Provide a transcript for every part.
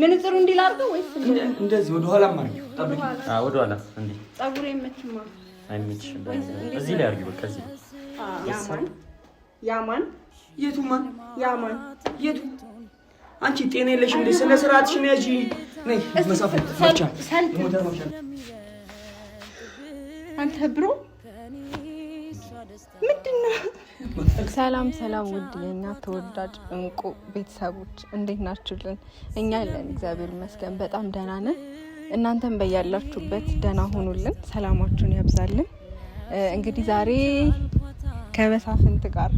ምንጥሩ እንዲህ ላድርገው ወይስ እንደዚህ ወደ ኋላ ማድረግ? ጠብቂ። አዎ ወደ ኋላ እንዲህ ፀጉሬ መችማ አይመችሽም። እዚህ ላይ አድርጊው። በቃ እዚህ ያማን ያማን። የቱ ማን? ያማን የቱ? አንቺ ጤና የለሽ እንዴ? ስነ ስርዓትሽን ያጂ ነይ። መሳፈት ብቻ ሞተር ብቻ አንተ ብሮ ምንድን ነው ሰላም ሰላም፣ ውድ የኛ ተወዳጅ እንቁ ቤተሰቦች እንዴት ናችሁልን? እኛ ያለን እግዚአብሔር ይመስገን በጣም ደህና ነን። እናንተም በያላችሁበት ደህና ሆኑልን፣ ሰላማችሁን ያብዛልን። እንግዲህ ዛሬ ከመሳፍንት ጋር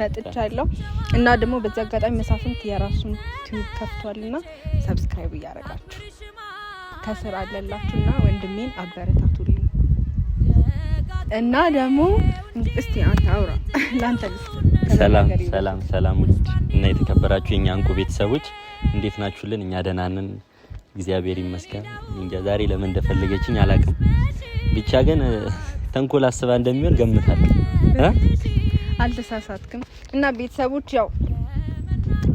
መጥቻለሁ እና ደግሞ በዚህ አጋጣሚ መሳፍንት የራሱን ቲዩብ ከፍቷልና ሰብስክራይብ እያደረጋችሁ ከስር አለላችሁና ወንድሜን አበረታ እና ደግሞ እስቲ አንተ አውራ ላንተ ሰላም ሰላም ሰላም ውድ እና የተከበራችሁ የኛ እንቁ ቤተሰቦች እንዴት ናችሁልን? እኛ ደህና ነን፣ እግዚአብሔር ይመስገን። እንጃ ዛሬ ለምን እንደፈለገችኝ አላውቅም፣ ብቻ ግን ተንኮል አስባ እንደሚሆን ገምታለሁ። አልተሳሳትክም። እና ቤተሰቦች ያው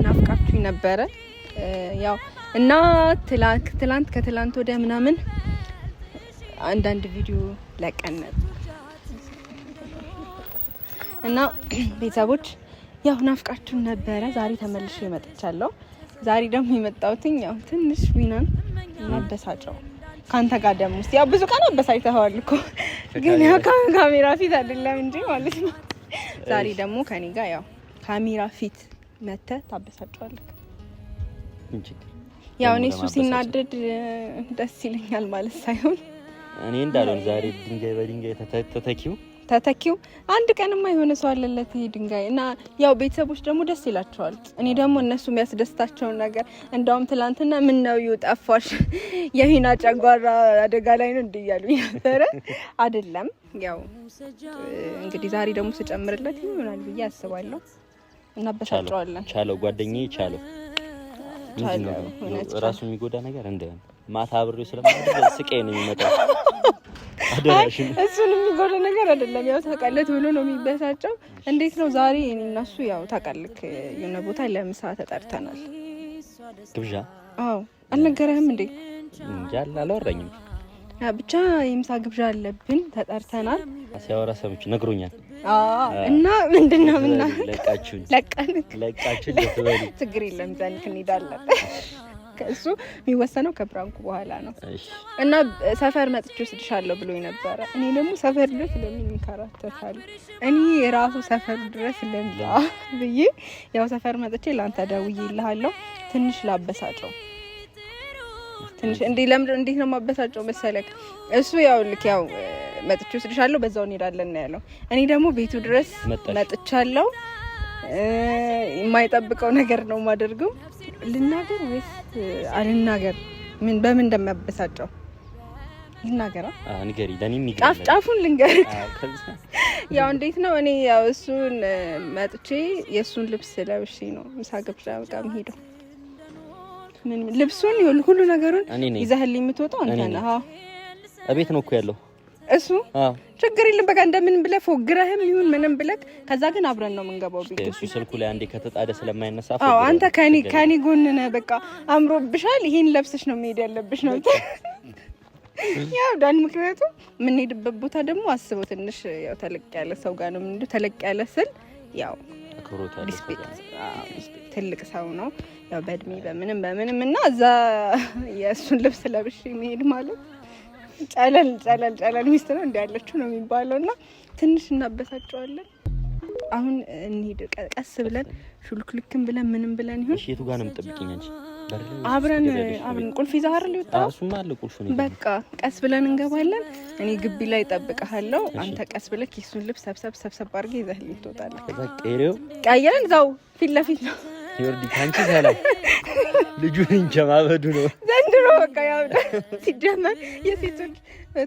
ናፍቃችሁ ነበረ ያው እና ትላንት ከትላንት ወደ ምናምን አንዳንድ ቪዲዮ ለቀን ነበር እና ቤተሰቦች ያው ናፍቃችሁን ነበረ። ዛሬ ተመልሼ መጥቻለሁ። ዛሬ ደግሞ የመጣሁትኝ ያው ትንሽ ዊናን አበሳጨው ከአንተ ጋር ደግሞ ስ ያው ብዙ ቀን አበሳጭተኸዋል እኮ ግን ያው ካሜራ ፊት አይደለም እንጂ ማለት ነው። ዛሬ ደግሞ ከኔ ጋር ያው ካሜራ ፊት መተ ታበሳጨዋለህ። ያው እኔ እሱ ሲናደድ ደስ ይለኛል ማለት ሳይሆን እኔ እንዳልሆን ዛሬ ድንጋይ በድንጋይ ተተኪው ተተኪው አንድ ቀንማ የሆነ ሰው አለለት ይሄ ድንጋይ እና ያው ቤተሰቦች ደግሞ ደስ ይላቸዋል። እኔ ደግሞ እነሱ የሚያስደስታቸውን ነገር እንዳውም ትላንትና ምን ነው ይው ጠፋሽ የሂና ጨጓራ አደጋ ላይ ነው እንዲያሉ ነበረ አይደለም። ያው እንግዲህ ዛሬ ደግሞ ስጨምርለት ይሆናል ብዬ አስባለሁ። እናበሳጨዋለን። ቻለው ጓደኛዬ፣ ቻለው ራሱ የሚጎዳ ነገር እንደ ማታ አብሬ ስለማድረግ ስቄ ነው የሚመጣው እሱን የሚጎዳ ነገር አይደለም። ያው ታውቃለት ብሎ ነው የሚበሳጨው። እንዴት ነው ዛሬ እኔና እሱ ያው ታውቃልክ የሆነ ቦታ ለምሳ ተጠርተናል። ግብዣ? አዎ አልነገረህም እንዴ? እንጃል አላወራኝም። ብቻ የምሳ ግብዣ አለብን ተጠርተናል። ሲያወራ ሰምቼ ነግሮኛል። እና ምንድን ነው ምና ለቃችሁ ለቃችሁ ችግር የለም ዘንክ እንሄዳለን ከእሱ የሚወሰነው ከብራንኩ በኋላ ነው። እና ሰፈር መጥቼ ወስድሻለሁ ብሎ ነበረ። እኔ ደግሞ ሰፈር ድረስ ለምን ይከራተታል? እኔ የራሱ ሰፈር ድረስ ልምጣ ብዬ ያው ሰፈር መጥቼ ለአንተ ደውዬ ይልሃለሁ። ትንሽ ላበሳጨው ትንሽ እንዴ፣ ለምንድን እንዴት ነው ማበሳጨው መሰለክ? እሱ ያው ልክ ያው መጥቼ ወስድሻለሁ በዛው እንሄዳለን ያለው፣ እኔ ደግሞ ቤቱ ድረስ መጥቻለሁ። የማይጠብቀው ነገር ነው ማደርገው ልናገር ወይስ አልናገር? ምን በምን እንደሚያበሳጨው ልናገራ? ንገሪ። ለኔም ጫፍ ጫፉን ልንገር። ያው እንዴት ነው እኔ ያው እሱን መጥቼ የእሱን ልብስ ለብሼ ነው ምሳ ግብዣ በቃ የምሄደው። ልብሱን ሁሉ ነገሩን ይዘህልኝ የምትወጣው አንተ ነህ። እቤት ነው እኮ ያለው እሱ ችግር የለም። በቃ እንደምን ብለህ ፎግረህም ይሁን ምንም ብለህ ከዛ ግን አብረን ነው የምንገባው ቤት። እሱ ስልኩ ላይ አንዴ ከተጣደ ስለማይነሳ አዎ፣ አንተ ከኔ ከኔ ጎን ነህ። በቃ አምሮብሻል፣ ይሄን ለብሰሽ ነው መሄድ ያለብሽ ነው ያው ዳን ምክንያቱም የምንሄድበት ቦታ ደግሞ አስበው ትንሽ ያው ተለቅ ያለ ሰው ጋር ነው የምንሄደው። ተለቅ ያለ ስል ያው ትልቅ ሰው ነው ያው በእድሜ በምንም በምንም እና እዛ የእሱን ልብስ ለብሼ መሄድ ማለት ጨለል ጨለል ጨለል ሚስት ነው እንዲ ያለችው ነው የሚባለው። እና ትንሽ እናበሳጨዋለን። አሁን እንሂድ፣ ቀስ ብለን ሹልክልክም ብለን ምንም ብለን ይሁን። የቱ ጋር ነው የምጠብቅኝ አንቺ? አብረን አብረን ቁልፍ ይዘህ አይደል የወጣው? በቃ ቀስ ብለን እንገባለን። እኔ ግቢ ላይ እጠብቅሃለሁ። አንተ ቀስ ብለህ ኬሱን ልብስ ሰብሰብ ሰብሰብ አድርገህ ይዘህልኝ ትወጣለህ። ቀይረን እዛው ፊት ለፊት ነው ልጁን እንጀማበዱ ነው ነው በቃ ያው ሲጀመር የሴቶች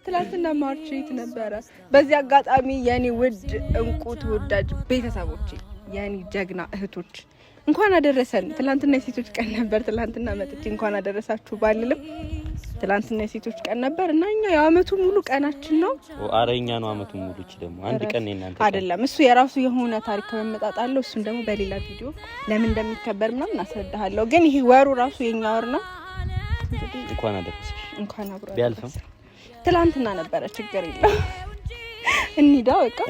ትላንትና ማርችት ነበረ። በዚህ አጋጣሚ የኔ ውድ እንቁ ተወዳጅ ቤተሰቦች፣ የኔ ጀግና እህቶች እንኳን አደረሰን። ትላንትና የሴቶች ቀን ነበር። ትላንትና መጥቼ እንኳን አደረሳችሁ ባልልም ትላንትና የሴቶች ቀን ነበር እና እኛ የአመቱ ሙሉ ቀናችን ነው። አረ እኛ ነው አመቱ ሙሉ። እቺ ደግሞ አንድ ቀን እናንተ አይደለም። እሱ የራሱ የሆነ ታሪክ መመጣጥ አለው። እሱን ደግሞ በሌላ ቪዲዮ ለምን እንደሚከበር ምናምን አስረዳሃለሁ። ግን ይሄ ወሩ ራሱ የኛ ወር ነው። እንኳን አደረሰሽ። እንኳን አብሮ ቢያልፍም ትላንትና ነበረ። ችግር የለም እንሂዳ በቃ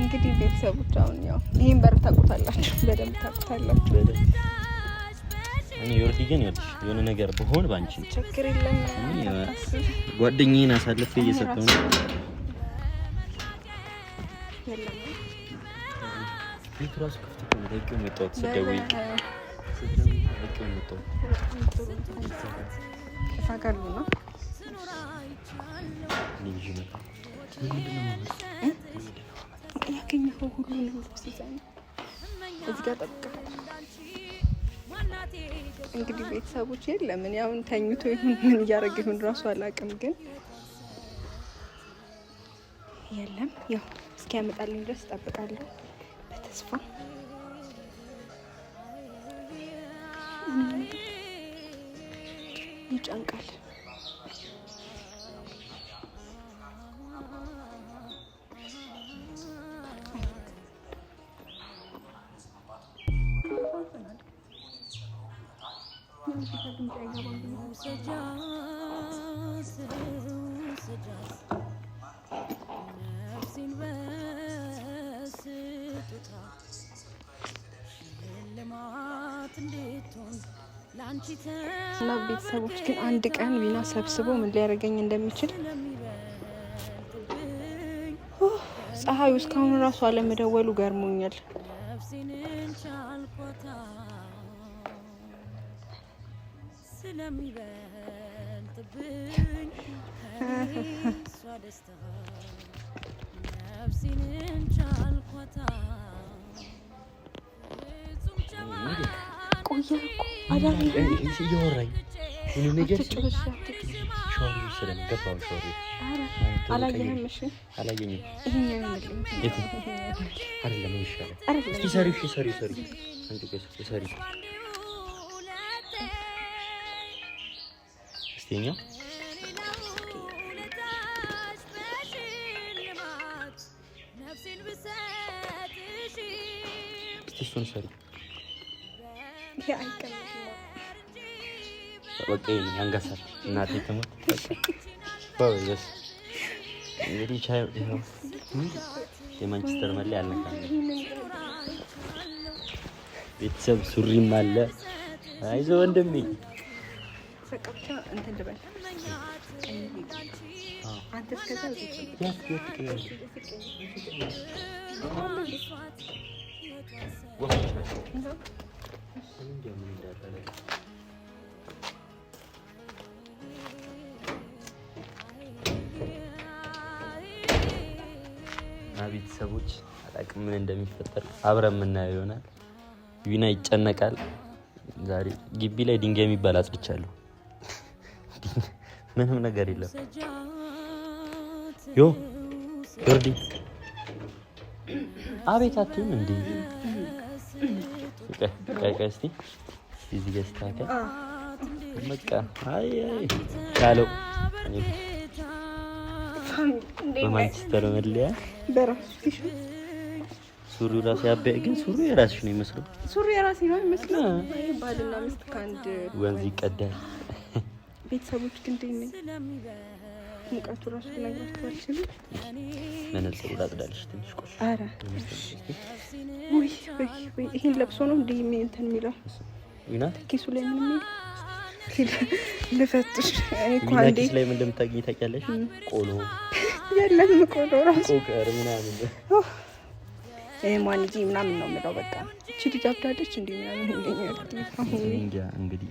እንግዲህ ቤተሰቦች አሁን ያው ይህን በር ታውቁታላችሁ፣ በደንብ ታውቁታላችሁ። እኔ ዮርቲ ግን ይኸውልሽ የሆነ ነገር በሆን ባንቺ ችግር የለም። ጓደኛዬን አሳልፌ እየሰጠው ነው። ቤቱ እራሱ ክፍት እንግዲህ ቤተሰቦች ለምን ያው ተኝቶ ይሁን ምን እያደረገ ይሁን እራሱ አላውቅም፣ ግን የለም ያው እስኪያመጣልኝ ድረስ እጠብቃለሁ በተስፋ ይጨንቃል። እና ቤተሰቦች ግን አንድ ቀን ቢና ሰብስቦ ምን ሊያደርገኝ እንደሚችል ፀሐዩ እስካሁን እራሱ አለመደወሉ ገርሞኛል። ስለሚበልጥብኝ እያልኩ እያወራኝ ነገር እሱን ሰሪ በቃ ያንገሳል። እናቴ ትሞት። እንግዲህ ቻ የማንቸስተር መለያ ያለካ ቤተሰብ ሱሪም አለ። አይዞ ወንድሜ ቤተሰቦች አላቅም ምን እንደሚፈጠር አብረን የምናየው ይሆናል። ዩና ይጨነቃል። ዛሬ ግቢ ላይ ድንጋይ የሚባል አጽድቻለሁ። ምንም ነገር የለም። ዮ አቤት አትይም እንዴ? በማንቸስተር መለያ ሱሪ ራሱ ያበያ ግን ሱሪ የራስሽ ነው ይመስለው። ሱሪ የራሴ ነው ይመስለው። ባልና ሚስት ከአንድ ወንዝ ይቀዳል። ቤተሰቦች ግን ሙቀቱ ራሱ ላይ ያስተዋልችል መነጽሩ ላጽዳልሽ ትንሽ ቆሽ። ኧረ ውይ ውይ፣ ይሄን ለብሶ ነው እንዲህ እንትን የሚለው ኪሱ ላይ ምን የሚል ልፈትሽ እኮ ላይ ምን እንደምታገኝ ታውቂያለሽ? ቆሎ የለም ቆሎ ራሱ ቆቀር ምናምን ማንጂ ምናምን ነው የምለው። በቃ ቺ ልጅ ምናምን እንገኛለን እንግዲህ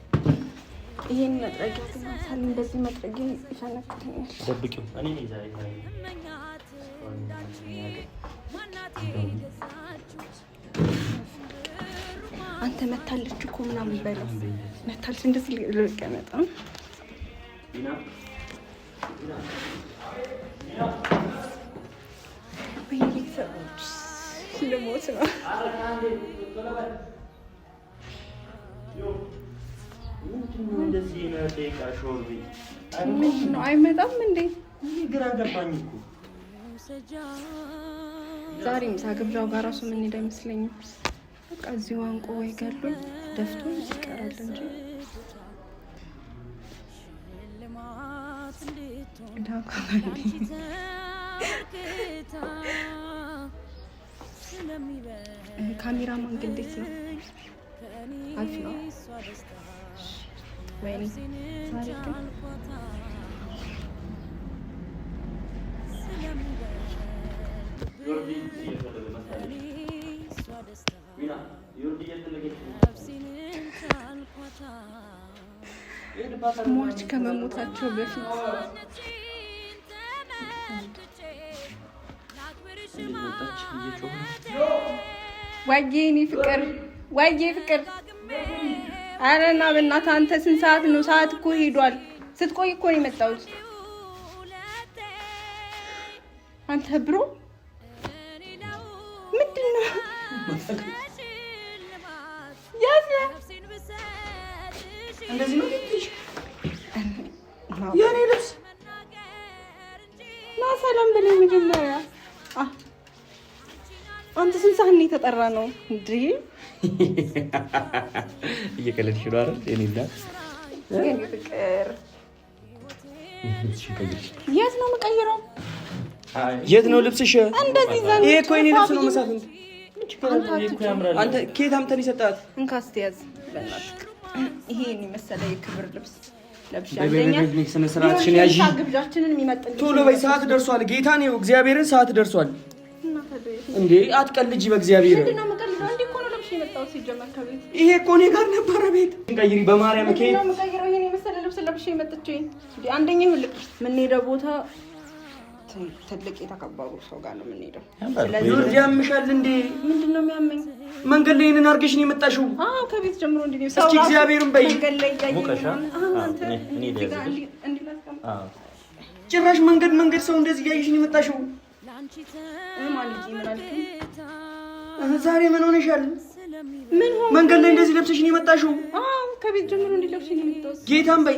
ይሄን መጥረጊያ ግማታል። እንደዚህ መጥረጊያ ይፈነክተኛል። ደብቂው። አንተ መታለች እኮ ምናምን በለው መታለች። እንደዚህ ልቅ ያመጣም በየቤተሰቦች ልሞት ነው ምንድነው አይመጣም እንዴ? ግራ ገባኝ እኮ ዛሬ ምሳ ግብዣው ጋር ራሱ ምን ሄደ አይመስለኝም። በቃ እዚህ ዋንቆ ወይ ገሉ ደፍቶ ይቀራል እንጂ ካሜራማን ግን እንዴት ነው? አልፍ ነው። ወይኔ ሟች ከመሞታቸው በፊት ዋዬ ፍቅር ዋዬ ፍቅር አረ ና በእናትህ አንተ ስንት ሰዓት ነው? ሰዓት እኮ ሄዷል። ስትቆይ እኮ ነው የመጣሁት። አንተ ብሮ ምንድን ነው የኔ ልብስ? ና ሰላም መጀመሪያ። አንተ ስንት ሰዓት ነው የተጠራ ነው? እየቀለድሽ ነው አይደል? የኔና የት ነው የምቀይረው? የት ነው ልብስሽ? እንደዚህ ይሄ እኮ የኔ ልብስ ነው። መሳፍንት አንተ ኬት አምተን ይሰጣት እንካስ ትያዝ ይሄን የመሰለ የክብር ልብስ ቶሎ በይ፣ ሰዓት ደርሷል። ጌታን እግዚአብሔርን ሰዓት ደርሷል። እንዴ አትቀልጂ በእግዚአብሔር ሲጀመር ከቤት ይሄ እኮ እኔ ጋር ነበረ። ቤት ቀይሪ፣ በማርያም ከሄድ ነው የምቀይረው። ይሄን የመሰለ ልብስ ለብሼ መጥቼ አንደኛ ይሁን ይኸውልህ፣ የምንሄደው ቦታ ትልቅ የተከበሩ ሰው ጋር ነው የምንሄደው። ስለዚህ ያምሻል እንዴ? ምንድን ነው የሚያመኝ? መንገድ ላይ ይሄንን አድርገሽ ነው የመጣሽው? አዎ፣ ከቤት ጀምሮ እንዴ ነው ሰው እዚህ እግዚአብሔርን በይ። መንገድ ላይ ያየሽ ጭራሽ መንገድ መንገድ ሰው እንደዚህ እያየሽ ነው የመጣሽው? ዛሬ ምን ሆነሻል? መንገድ ላይ እንደዚህ ለብሰሽ ነው የመጣሽው? አዎ፣ ከቤት ጀምሮ እንዲለብሽ ነው የመጣሁት። ጌታም በይ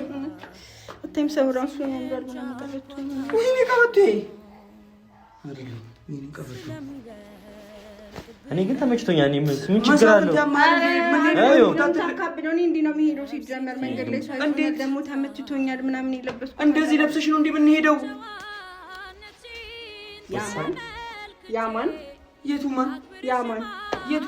አታይም። ሰው ራሱ ነው እንዳል እኔ ግን ተመችቶኛል። እኔ ምን ምን ችግር አለው? ነው እንዴ ነው ሲጀመር መንገድ ላይ ተመችቶኛል እንደዚህ ለብሰሽ ነው እንዴ ብንሄደው? ያማን ያማን የቱማ ያማን የቱ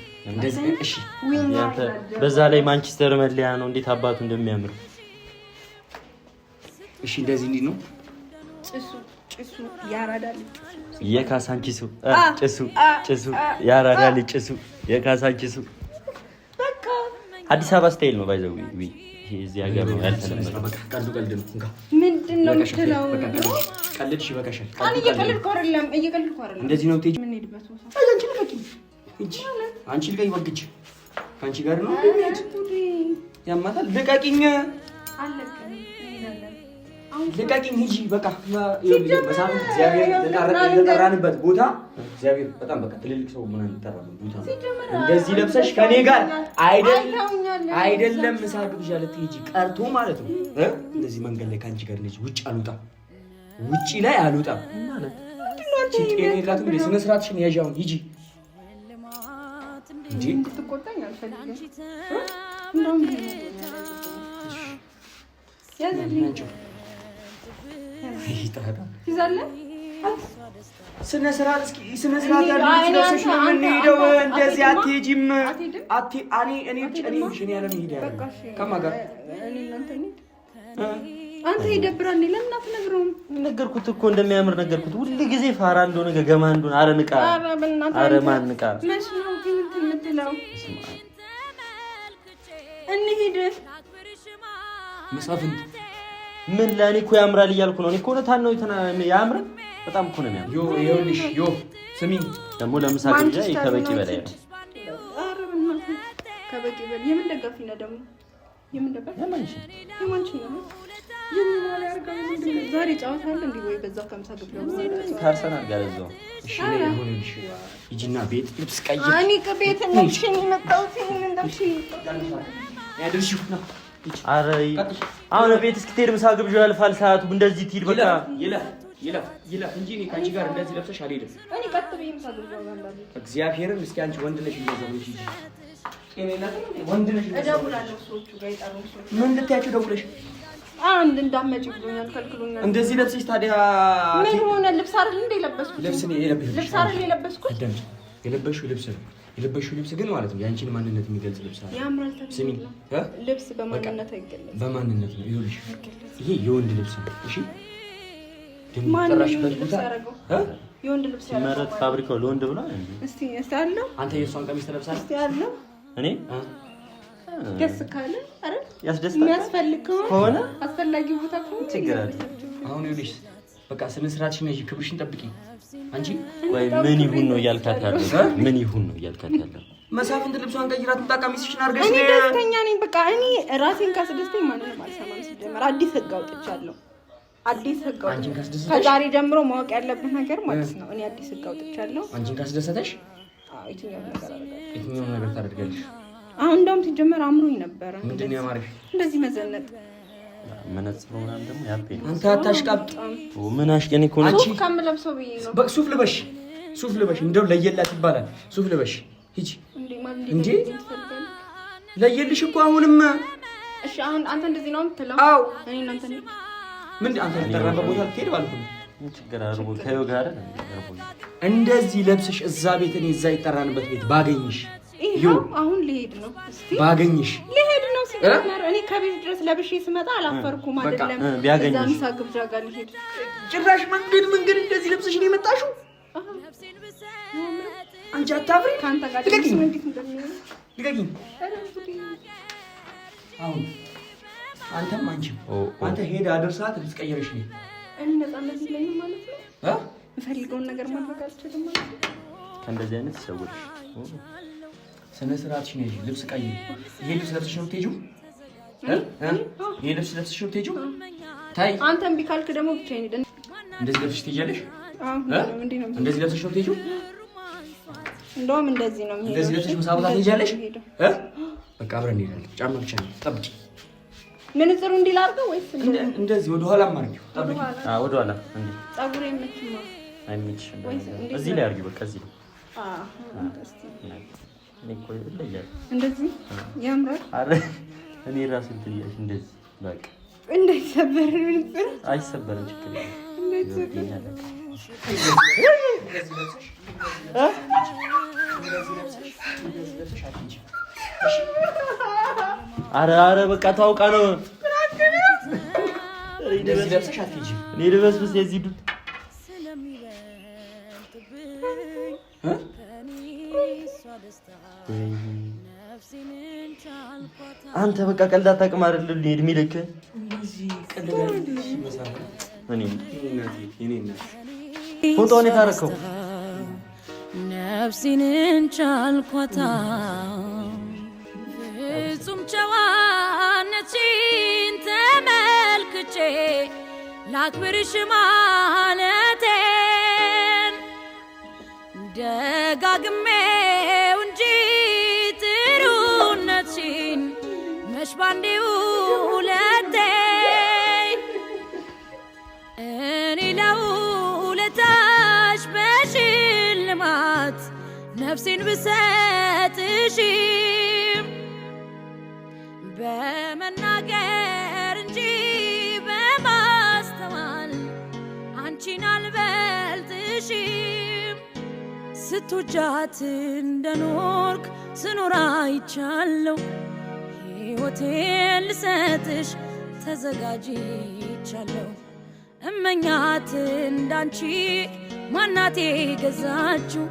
በዛ ላይ ማንቸስተር መለያ ነው። እንዴት አባቱ እንደሚያምር እሺ። እንደዚህ እንዲህ ነው የካሳንቺሱ ጭሱ ጭሱ ያራዳል ጭሱ የካሳንቺሱ አዲስ አበባ ስታይል ነው ባይዘው እዚህ ሀገር ነው ያልተለመደ። ምንድን ነው የምትለው? በቃ ቀልድ እንደዚህ ነው እጅ አንቺ ልቀይ ወግጅ ከአንቺ ጋር ነው እንደሚያጭ ያማታል። ልቀቂኝ፣ ልቀቂኝ፣ ሂጂ በቃ። በሳም እግዚአብሔር የተጠራንበት ቦታ እግዚአብሔር በጣም በቃ ትልልቅ ሰው ምን የጠራበት ቦታ እንደዚህ ለብሰሽ ከኔ ጋር አይደለም ምሳ ግብዣ ልትሄጂ ቀርቶ ማለት ነው። እንደዚህ መንገድ ላይ ከአንቺ ጋር ልጅ ውጭ አልወጣም፣ ውጭ ላይ አልወጣም ማለት ጤና ላትም ስነስርዓትሽን ያዣውን ሂጂ እንጂ እንድትቆጣኝ ስነ ስርዓት እስኪ ስነ ስርዓት ያለሽ ነው የምንሄደው። እንደዚህ አትሄጂም። እኔ እኔ እኔ እኔ ያለመሄድ ከማን ጋር አንተ ይደብራል። ለምን አትነግረውም? ነገርኩት እኮ እንደሚያምር ነገርኩት። ሁሉ ጊዜ ፋራ እንደሆነ ገገማ እንደሆነ አረ ንቃ፣ አረ ማን ንቃ። መች ነው ምን ለእኔ እኮ ያምራል እያልኩ ነው። እኔ እኮ እውነታን ነው ያምራል። በጣም እኮ ነው ያምራል። ዮ ይኸውልሽ፣ ዮ ስሚ፣ ደግሞ ለምሳ ግብዣ ከበቂ በላይ ነው። ከበቂ በላይ የምን ደጋፊ ነው ደግሞ የምን ደጋፊ ነው ዛሬ ጨዋታ አለ እንዲ ወይ በዛው ከምሳ ግብለ ታርሰናል ጋር እዛው ይጂና ቤት ልብስ ቀይ ቤት አሁን ቤት እስክትሄድ ምሳ ግብዣ ያልፋል ሰዓቱ። እንደዚህ ትሂድ በቃ ይለፍ እንጂ እኔ ከአንቺ ጋር እንደዚህ ለብሰሽ አልሄድም። እግዚአብሔርን እስኪ አንቺ ወንድ ነሽ ወንድ ነሽ ምን ልትያቸው ደውለሽ አንድ እንዳመጭ ብሎኛል፣ ከልክሎኛል። እንደዚህ ለብሰሽ ታዲያ ምን ሆነ? ልብስ አይደል እንደ የለበስኩት ልብስ ነው የለበስኩት። የለበሽው ልብስ ነው የለበሽው ልብስ ግን ማለት ነው የአንቺን ማንነት የሚገልጽ ልብስ አለ። ያምራል። ስሚ፣ ልብስ በማንነት አይገለጽም። በማንነት ነው። ይኸውልሽ ይሄ የወንድ ልብስ ነው። እሺ፣ የወንድ ልብስ ሲመረት ፋብሪካው ለወንድ ብሏል። እስቲ እስቲ አለው አንተ የእሷን ቀሚስ ተለብሳለህ። እስቲ አለው እኔ ደስ ካለ አረ የሚያስፈልግ ከሆነ አስፈላጊ ቦታ ከሆነ ችግር አለ። አሁን ይኸውልሽ በቃ ስነ ስርዓትሽን ነሽ፣ ክብርሽን ጠብቂ። አንቺ ወይ ምን ይሁን ነው እያልካት ያለው? ምን ይሁን ነው እያልካት ያለው? መሳፍንት ልብሷን ቀይራት ምጣ፣ ቀሚስሽን አድርገሽ እኔ ደስተኛ ነኝ። በቃ እኔ ራሴን ካስደስተኝ ማንንም አልሰማም። ሲጀመር አዲስ ህግ አውጥቻለሁ። አዲስ ህግ አውጥቻለሁ። ከዛሬ ጀምሮ ማወቅ ያለብህ ነገር ማለት ነው። እኔ አዲስ ህግ አውጥቻለሁ። አንቺን ካስደሰተሽ የትኛውም ነገር ታደርጋለሽ። አሁን እንደውም ሲጀመር አምሮኝ ነበረ። እንደዚህ መዘነጥ መነጽሩ ምናምን ደግሞ ያልኩ አንተ አታሽቃብጥ። ምን አሽቅ እኔ እኮ ነች ከምለብሰው ብዬ ነው። ሱፍ ልበሽ፣ ሱፍ ልበሽ፣ እንደው ለየላት ይባላል። ሱፍ ልበሽ ሂጂ እንዴ ለየልሽ እኮ አሁንም። እሺ አሁን አንተ እንደዚህ ነው የምትለው? አዎ እኔ እናንተ ነው ምን አንተ ተጠራበት ቦታ ልትሄድ ባልኩ እንደዚህ ለብስሽ እዛ ቤት እኔ እዛ ይጠራንበት ቤት ባገኝሽ ይኸው አሁን ልሄድ ነው። እስቲ ባገኝሽ ልሄድ ነው። ሲጀመር እኔ ከቤት ድረስ ለብሼ ስመጣ አላፈርኩም አይደለም። እዛ ምሳ ግብዣ ጋር ልሄድ ጭራሽ መንገድ መንገድ እንደዚህ ልብስሽ ነው የመጣሽው። አንቺ አታፍሪ። ከአንተ ጋር ልቀቂኝ፣ ልቀቂኝ። አሁን አንተም አንቺም አንተ ሄድ አድር ሰዓት ነው። እኔ ነፃነት የለኝም ማለት ነው። የምፈልገውን ነገር ማድረግ አልችልም ማለት ነው። ከእንደዚህ አይነት ሰዎች ስነ ስርዓትሽ ነው። ልብስ ቀይ ይሄ ልብስ ለብሰሽ ነው የምትሄጂው። ይሄ ልብስ ለብሰሽ ነው የምትሄጂው። ታይ አንተ እምቢ ካልክ ደግሞ ብቻዬን ሄደን እንደዚህ ለብሰሽ ትሄጃለሽ። እንደዚህ ለብሰሽ ነው የምትሄጂው። እንደውም እንደዚህ ነው የምሄደው። እንደዚህ ለብሰሽ ምሳ ቦታ ትሄጃለሽ። በቃ አብረን እንሄዳለን። ጫማ ብቻ ነው ጠብቂ። ምንጽሩ እንዲህ ላድርገው ወይስ እንደዚህ ወደ ኋላ አድርጊው? ጠብቂ። አዎ ወደ ኋላ እንዴ። ፀጉሬ የምትማ አይመችሽም። እዚህ ላይ አድርጊው። በቃ እዚህ አዎ እኔ ራሱ እንትን እንደዚህ በቃ እንዳይሰበር አይሰበርም፣ ችግር አረ አረ በቃ ታውቃ ነው። እኔ ልበስብስ የዚህ ዱት አንተ በቃ ቀልድ አታውቅም አይደል? እድሜ ልክ ፎቶውን የታረከው ነፍሴን ቻልኳታ ፍጹም ጨዋነትሽን ተመልክቼ ላክብርሽ ማለቴን ደጋግሜ bandi ulete اني لو لتاش باش المات نفسي نبسات شيم በመናገር እንጂ በማስተዋል አንቺን አልበልጥሽም። ስትወጃት እንደኖርክ ስኖር አይቻለሁ ሕይወቴን ልሰጥሽ ተዘጋጅቻለሁ። እመኛት እንዳንቺ ማናቴ ገዛችሁ